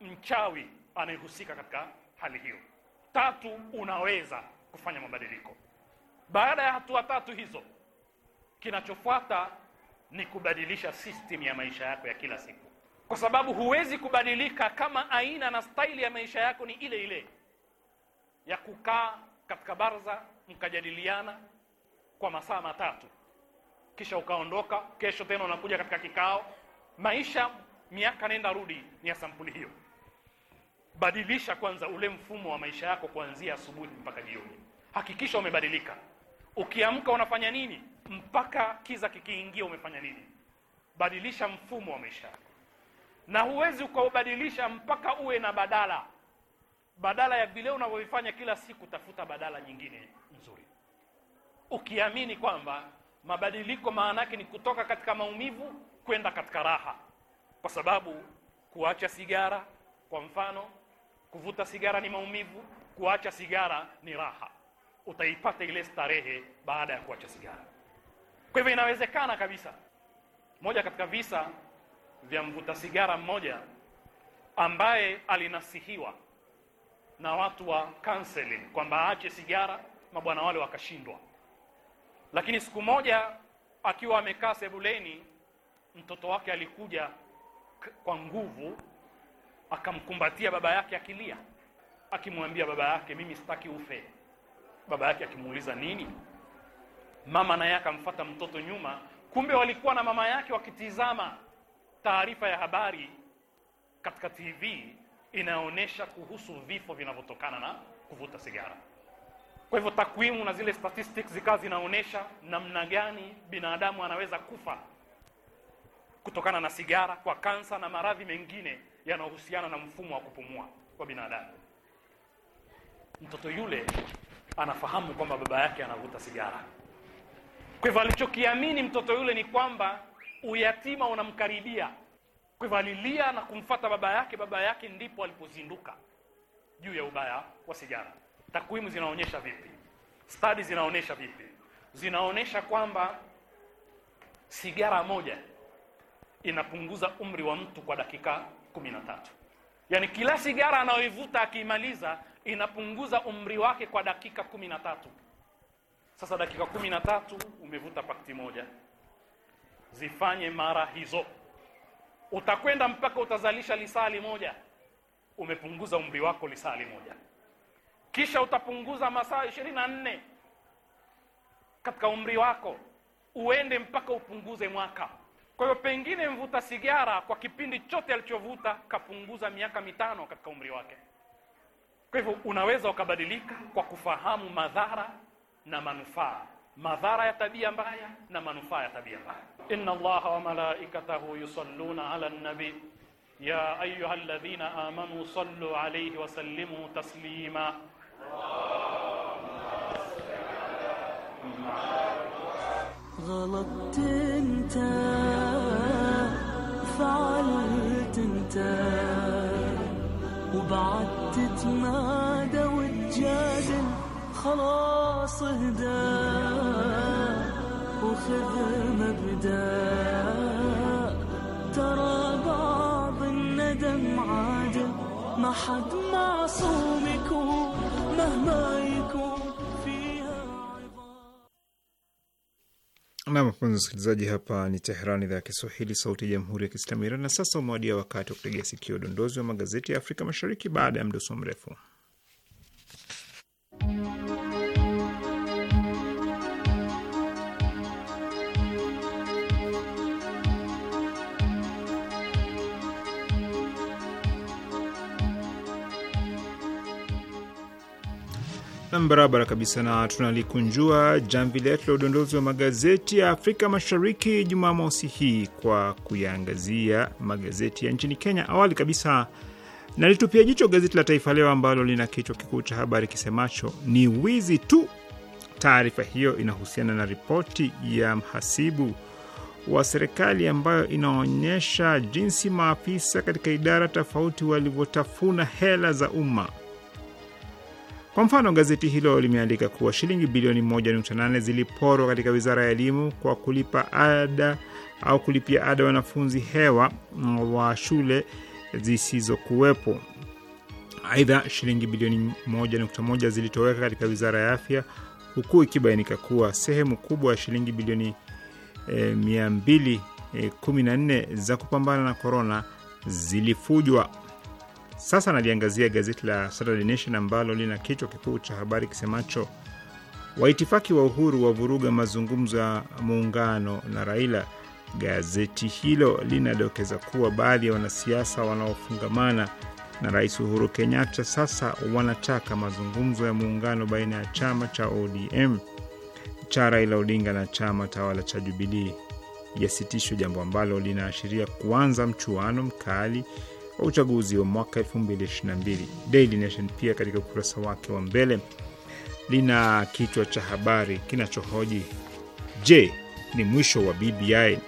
Speaker 4: mchawi anayehusika katika hali hiyo tatu unaweza kufanya mabadiliko baada ya hatua tatu hizo kinachofuata ni kubadilisha system ya maisha yako ya kila siku kwa sababu huwezi kubadilika kama aina na staili ya maisha yako ni ile ile ya kukaa katika barza mkajadiliana kwa masaa matatu, kisha ukaondoka. Kesho tena unakuja katika kikao. Maisha miaka nenda rudi ni ya sampuli hiyo. Badilisha kwanza ule mfumo wa maisha yako kuanzia asubuhi mpaka jioni, hakikisha umebadilika. Ukiamka unafanya nini mpaka kiza kikiingia, umefanya nini? Badilisha mfumo wa maisha yako, na huwezi ukaubadilisha mpaka uwe na badala. Badala ya vile unavyovifanya kila siku, tafuta badala nyingine ukiamini kwamba mabadiliko maana yake ni kutoka katika maumivu kwenda katika raha kwa sababu kuacha sigara kwa mfano kuvuta sigara ni maumivu kuacha sigara ni raha utaipata ile starehe baada ya kuacha sigara kwa hivyo inawezekana kabisa moja katika visa vya mvuta sigara mmoja ambaye alinasihiwa na watu wa counseling kwamba aache sigara mabwana wale wakashindwa lakini siku moja akiwa amekaa sebuleni mtoto wake alikuja kwa nguvu akamkumbatia baba yake akilia akimwambia baba yake mimi sitaki ufe baba yake akimuuliza nini mama naye akamfata mtoto nyuma kumbe walikuwa na mama yake wakitizama taarifa ya habari katika TV inaonyesha kuhusu vifo vinavyotokana na kuvuta sigara kwa hivyo takwimu na zile statistics zikawa zinaonyesha namna gani binadamu anaweza kufa kutokana na sigara, kwa kansa na maradhi mengine yanayohusiana na mfumo wa kupumua kwa binadamu. Mtoto yule anafahamu kwamba baba yake anavuta sigara. Kwa hivyo alichokiamini mtoto yule ni kwamba uyatima unamkaribia. Kwa hivyo alilia na kumfata baba yake, baba yake ndipo alipozinduka juu ya ubaya wa sigara. Takwimu zinaonyesha vipi? Study zinaonyesha vipi? Zinaonyesha kwamba sigara moja inapunguza umri wa mtu kwa dakika 13. Yaani kila sigara anayoivuta akiimaliza inapunguza umri wake kwa dakika 13. Sasa dakika 13 umevuta pakti moja. Zifanye mara hizo. Utakwenda mpaka utazalisha lisali moja. Umepunguza umri wako lisali moja kisha utapunguza masaa ishirini na nne katika umri wako uende mpaka upunguze mwaka kwa hiyo pengine mvuta sigara kwa kipindi chote alichovuta kapunguza miaka mitano katika umri wake kwa hivyo unaweza ukabadilika kwa kufahamu madhara na manufaa madhara ya tabia mbaya na manufaa ya tabia mbaya inna allaha wa malaikatahu yusalluna ala nabi ya ayuha alladhina amanu sallu alayhi wa sallimu taslima
Speaker 5: غلطت انت فعلت انت وبعدت تنادى وتجادل خلاص اهدى وخذ مبدا ترى بعض الندم عادل ما حد معصوم يكون
Speaker 1: Nam, wapenzi hapa ni Teheran, idhaa ya Kiswahili, sauti ya jamhuri ya kiislamu Iran. Na sasa umewadia wakati wa kutegea sikio udondozi wa magazeti ya Afrika Mashariki baada ya mdoso mrefu. barabara kabisa, na tunalikunjua jamvi letu la udondozi wa magazeti ya Afrika Mashariki Jumamosi hii kwa kuyaangazia magazeti ya nchini Kenya. Awali kabisa nalitupia jicho gazeti la Taifa Leo ambalo lina kichwa kikuu cha habari kisemacho ni wizi tu. Taarifa hiyo inahusiana na ripoti ya mhasibu wa serikali ambayo inaonyesha jinsi maafisa katika idara tofauti walivyotafuna hela za umma. Kwa mfano, gazeti hilo limeandika kuwa shilingi bilioni 1.8 ziliporwa katika wizara ya elimu kwa kulipa ada au kulipia ada wanafunzi hewa wa shule zisizokuwepo. Aidha, shilingi bilioni 1.1 zilitoweka katika wizara ya afya, huku ikibainika kuwa sehemu kubwa ya shilingi bilioni e, 214 e, za kupambana na korona zilifujwa. Sasa naliangazia gazeti la Saturday Nation ambalo lina kichwa kikuu cha habari kisemacho waitifaki wa Uhuru wavuruga mazungumzo ya muungano na Raila. Gazeti hilo linadokeza kuwa baadhi ya wanasiasa wanaofungamana na Rais Uhuru Kenyatta sasa wanataka mazungumzo ya muungano baina ya chama cha ODM cha Raila Odinga na chama tawala cha Jubilii yasitishwe, jambo ambalo linaashiria kuanza mchuano mkali wa uchaguzi wa mwaka 2022. Daily Nation pia katika ukurasa wake wa mbele lina kichwa cha habari kinachohoji je, ni mwisho wa BBI?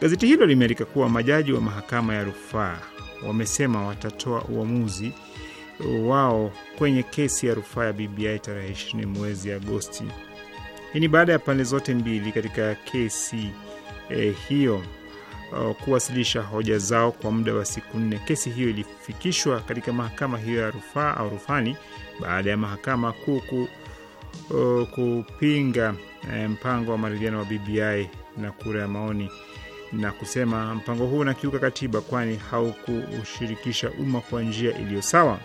Speaker 1: Gazeti hilo limeandika kuwa majaji wa mahakama ya rufaa wamesema watatoa uamuzi wao kwenye kesi ya rufaa ya BBI tarehe 20 mwezi Agosti. Hii ni baada ya pande zote mbili katika kesi eh, hiyo Uh, kuwasilisha hoja zao kwa muda wa siku nne. Kesi hiyo ilifikishwa katika mahakama hiyo ya rufaa au rufani baada ya mahakama kuu uh, kupinga eh, mpango wa maridhiano wa BBI na kura ya maoni na kusema mpango huu unakiuka katiba kwani haukushirikisha umma kwa njia iliyo sawa.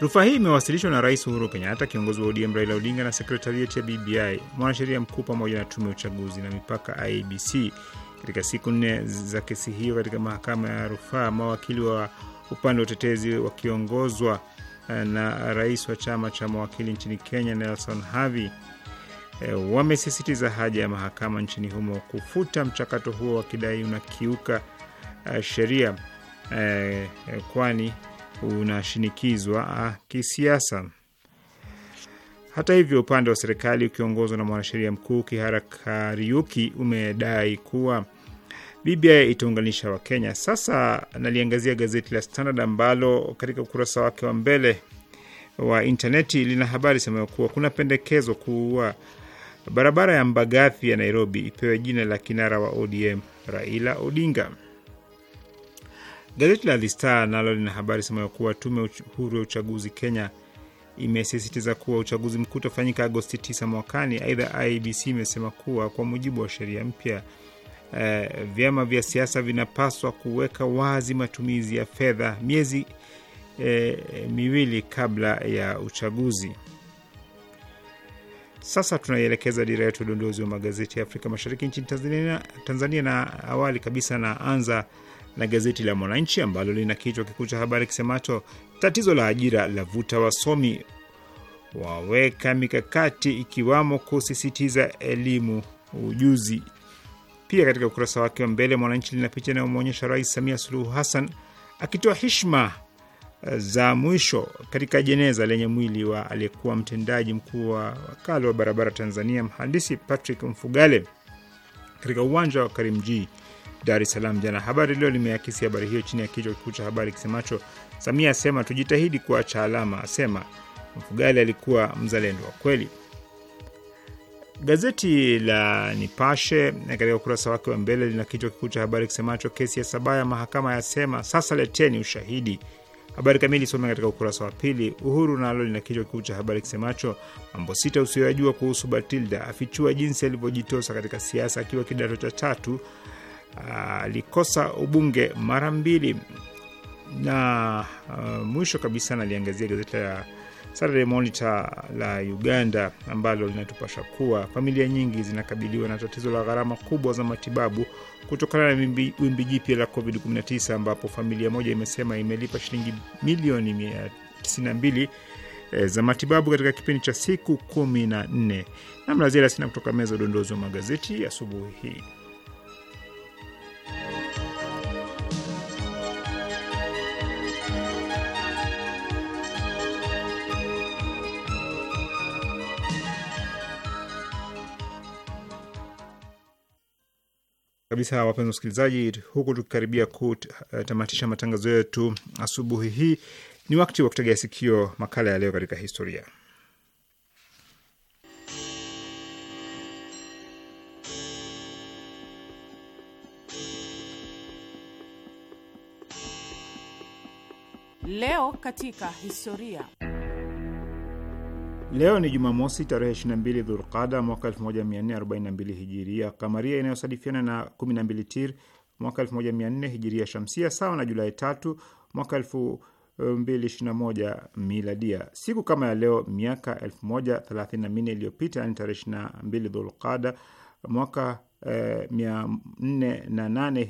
Speaker 1: Rufaa hii imewasilishwa na Rais Uhuru Kenyatta, kiongozi wa ODM Raila Odinga na sekretarieti ya BBI, mwanasheria mkuu pamoja na tume ya uchaguzi na mipaka IBC. Katika siku nne za kesi hiyo katika mahakama ya rufaa, mawakili wa upande wa utetezi wakiongozwa eh, na rais wa chama cha mawakili nchini Kenya Nelson Havi e, wamesisitiza haja ya mahakama nchini humo kufuta mchakato huo wakidai unakiuka uh, sheria e, kwani unashinikizwa uh, kisiasa. Hata hivyo, upande wa serikali ukiongozwa na mwanasheria mkuu Kihara Kariuki umedai kuwa BBI itaunganisha Wakenya. Sasa naliangazia gazeti la Standard ambalo katika ukurasa wake wa mbele wa intaneti lina habari semayo kuwa kuna pendekezo kuwa barabara ya Mbagathi ya Nairobi ipewe jina la kinara wa ODM Raila Odinga. Gazeti la The Star nalo lina habari semayo kuwa tume huru ya uchaguzi Kenya imesisitiza kuwa uchaguzi mkuu utafanyika Agosti 9 mwakani. Aidha, IBC e imesema kuwa kwa mujibu wa sheria mpya Uh, vyama vya siasa vinapaswa kuweka wazi matumizi ya fedha miezi uh, miwili kabla ya uchaguzi. Sasa tunaielekeza dira yetu udondozi wa magazeti ya Afrika Mashariki nchini Tanzania, Tanzania na awali kabisa naanza anza na gazeti la Mwananchi ambalo lina kichwa kikuu cha habari kisemacho tatizo la ajira la vuta wasomi waweka mikakati ikiwamo kusisitiza elimu ujuzi. Pia katika ukurasa wake wa mbele Mwananchi lina picha inayomwonyesha Rais Samia Suluhu Hassan akitoa heshima za mwisho katika jeneza lenye mwili wa aliyekuwa mtendaji mkuu wa wakala wa barabara Tanzania mhandisi Patrick Mfugale katika uwanja wa Karimjee Dar es Salaam jana. Habari Leo limeakisi habari hiyo chini ya kichwa kikuu cha habari kisemacho Samia asema tujitahidi kuacha alama, asema Mfugali alikuwa mzalendo wa kweli. Gazeti la Nipashe eh, katika ukurasa wake wa mbele lina kichwa kikuu cha habari kisemacho kesi ya Sabaya, mahakama yasema sasa leteni ushahidi. Habari kamili isome katika ukurasa wa pili. Uhuru nalo lina kichwa kikuu cha habari kisemacho mambo sita usiyoyajua kuhusu Batilda, afichua jinsi alivyojitosa katika siasa akiwa kidato cha tatu alikosa ubunge mara mbili. Na uh, mwisho kabisa naliangazia gazeti la Saturday Monitor la Uganda ambalo linatupasha kuwa familia nyingi zinakabiliwa na tatizo la gharama kubwa za matibabu kutokana na wimbi jipya la COVID-19 ambapo familia moja imesema imelipa shilingi milioni 92 eh, za matibabu katika kipindi cha siku 14. Namna zile sina kutoka meza udondozi wa magazeti asubuhi hii kabisa wapenzi wasikilizaji, huku tukikaribia kutamatisha matangazo yetu asubuhi hii, ni wakati wa kutegea sikio makala ya leo katika historia.
Speaker 6: Leo katika historia.
Speaker 1: Leo ni Jumamosi tarehe 22 Dhulqada mwaka 1442 hijiria kamaria inayosadifiana na 12 Tir mwaka 1400 hijiria shamsia sawa na Julai tatu mwaka 2021 miladia. Siku kama ya leo miaka 1034 iliyopita, yani tarehe 22 Dhulqada mwaka eh,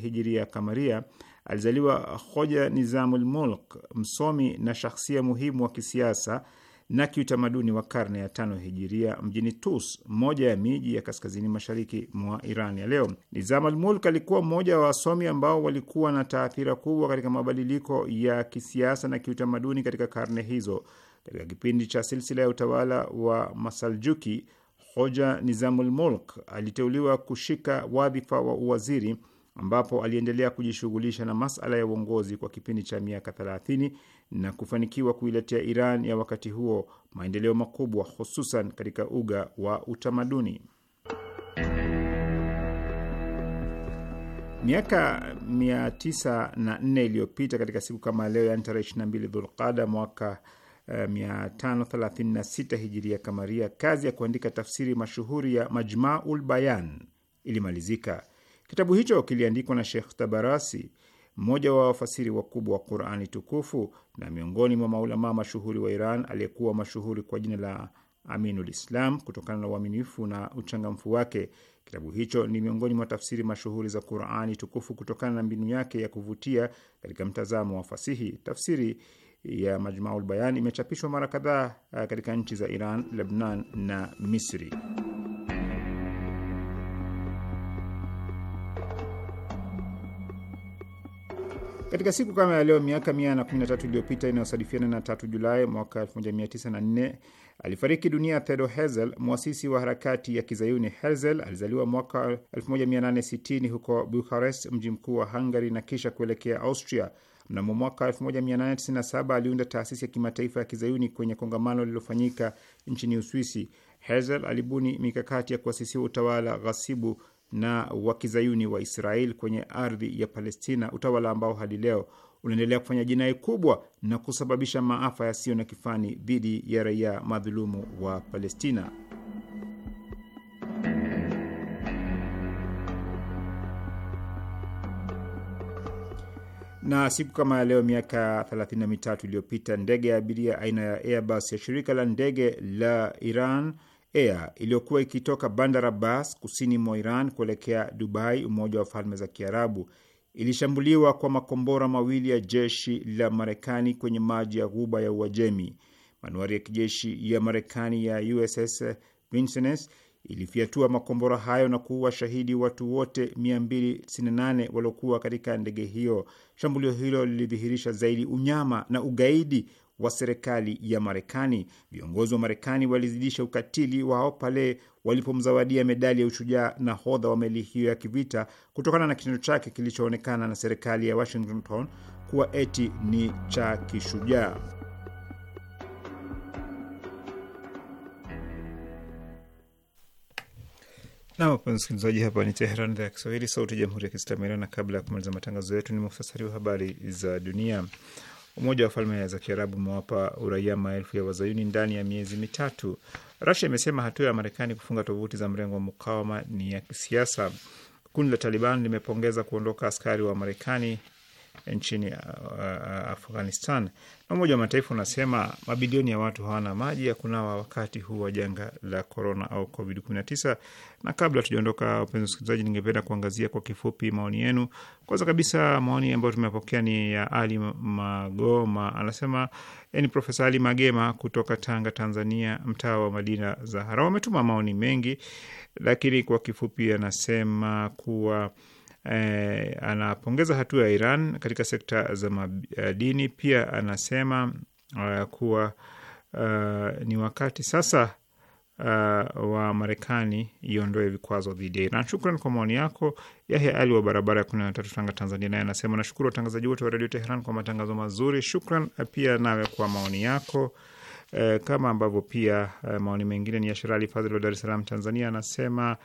Speaker 1: hijiria kamaria Alizaliwa Hoja Nizamul Mulk, msomi na shakhsia muhimu wa kisiasa na kiutamaduni wa karne ya tano hijiria mjini Tus, moja ya miji ya kaskazini mashariki mwa Iran ya leo. Nizam al-Mulk alikuwa mmoja wa wasomi ambao walikuwa na taathira kubwa katika mabadiliko ya kisiasa na kiutamaduni katika karne hizo. Katika kipindi cha silsila ya utawala wa Masaljuki, hoja Nizamul Mulk aliteuliwa kushika wadhifa wa uwaziri ambapo aliendelea kujishughulisha na masala ya uongozi kwa kipindi cha miaka 30 na kufanikiwa kuiletea Iran ya wakati huo maendeleo makubwa, hususan katika uga wa utamaduni. Miaka 904 iliyopita katika siku kama leo, yaani tarehe 22 Dhulqada mwaka 536 eh, hijiria kamaria, kazi ya kuandika tafsiri mashuhuri ya Majmaul Bayan ilimalizika. Kitabu hicho kiliandikwa na Shekh Tabarasi, mmoja wa wafasiri wakubwa wa Qurani tukufu na miongoni mwa maulamaa mashuhuri wa Iran aliyekuwa mashuhuri kwa jina la Aminulislam kutokana na uaminifu na uchangamfu wake. Kitabu hicho ni miongoni mwa tafsiri mashuhuri za Qurani tukufu kutokana na mbinu yake ya kuvutia katika mtazamo wa fasihi. Tafsiri ya Majmaul Bayan imechapishwa mara kadhaa eh, katika nchi za Iran, Lebnan na Misri. Katika siku kama ya leo miaka 113 iliyopita inayosadifiana na 3 Julai mwaka 1904 alifariki dunia Theodor Herzl, mwasisi wa harakati ya kizayuni. Herzl alizaliwa mwaka 1860 huko Bucharest, mji mkuu wa Hungary, na kisha kuelekea Austria. Mnamo mwaka 1897 aliunda taasisi ya kimataifa ya kizayuni kwenye kongamano lililofanyika nchini Uswisi. Herzl alibuni mikakati ya kuasisiwa utawala ghasibu na wakizayuni wa israel kwenye ardhi ya Palestina, utawala ambao hadi leo unaendelea kufanya jinai kubwa na kusababisha maafa yasiyo na kifani dhidi ya raia madhulumu wa Palestina. na siku kama ya leo miaka 33 iliyopita ndege ya abiria aina ya Airbus ya shirika la ndege la Iran Air iliyokuwa ikitoka Bandar Abbas kusini mwa Iran kuelekea Dubai, Umoja wa Falme za Kiarabu, ilishambuliwa kwa makombora mawili ya jeshi la Marekani kwenye maji ya Ghuba ya Uajemi. Manuari ya kijeshi ya Marekani ya USS Vincennes ilifyatua makombora hayo na kuua shahidi watu wote 298 waliokuwa katika ndege hiyo. Shambulio hilo lilidhihirisha zaidi unyama na ugaidi wa serikali ya Marekani. Viongozi wa Marekani walizidisha ukatili wao pale walipomzawadia medali ya ushujaa nahodha wa meli hiyo ya kivita kutokana na kitendo chake kilichoonekana na serikali ya Washington kuwa eti ni cha kishujaa. Nam, msikilizaji, hapa ni Teheran, idhaa ya Kiswahili, sauti ya jamhuri ya kiislamu Iran. Na kabla ya kumaliza matangazo yetu, ni muhtasari wa habari za dunia. Umoja wa Falme za Kiarabu umewapa uraia maelfu ya wazayuni ndani ya miezi mitatu. Rasia imesema hatua ya Marekani kufunga tovuti za mrengo wa mukawama ni ya kisiasa. Kundi la Taliban limepongeza kuondoka askari wa Marekani nchini uh, uh, Afghanistan. Na Umoja wa Mataifa unasema mabilioni ya watu hawana maji ya kunawa wakati huu wa janga la korona au Covid 19. Na kabla tujaondoka, wapenzi wasikilizaji, ningependa kuangazia kwa kifupi maoni yenu. Kwanza kabisa, maoni ambayo tumepokea ni ya Ali Magoma, anasema e, ni Profesa Ali Magema kutoka Tanga, Tanzania, mtaa wa Madina Zahara. Wametuma maoni mengi, lakini kwa kifupi anasema kuwa eh, anapongeza hatua ya Iran katika sekta za madini. Pia anasema uh, kuwa uh, ni wakati sasa uh, wa Marekani iondoe vikwazo dhidi ya Iran. Shukran kwa maoni yako. Yahya Ali wa barabara ya kumi na tatu Tanga, Tanzania, naye anasema nashukuru watangazaji wote wa redio Teheran kwa matangazo mazuri. Shukran pia nawe kwa maoni yako. kama ambavyo pia maoni mengine ni ya Sherali Fadhili wa Dar es Salaam, Tanzania, anasema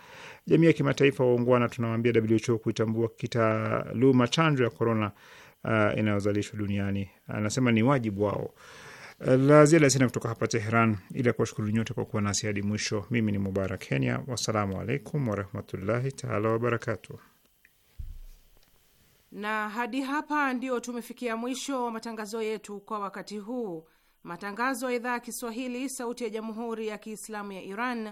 Speaker 1: jamii ya kimataifa waungwana tunawambia WHO kuitambua kitaaluma chanjo ya korona uh, inayozalishwa duniani. Anasema ni wajibu wao. La ziada sina kutoka hapa Teheran, ila kuwashukuru nyote kwa kuwa nasi hadi mwisho. Mimi ni Mubarak Kenya, wassalamu alaikum warahmatullahi taala wabarakatu.
Speaker 6: Na hadi hapa ndio tumefikia mwisho wa matangazo yetu kwa wakati huu. Matangazo ya idhaa ya Kiswahili, sauti ya jamhuri ya kiislamu ya Iran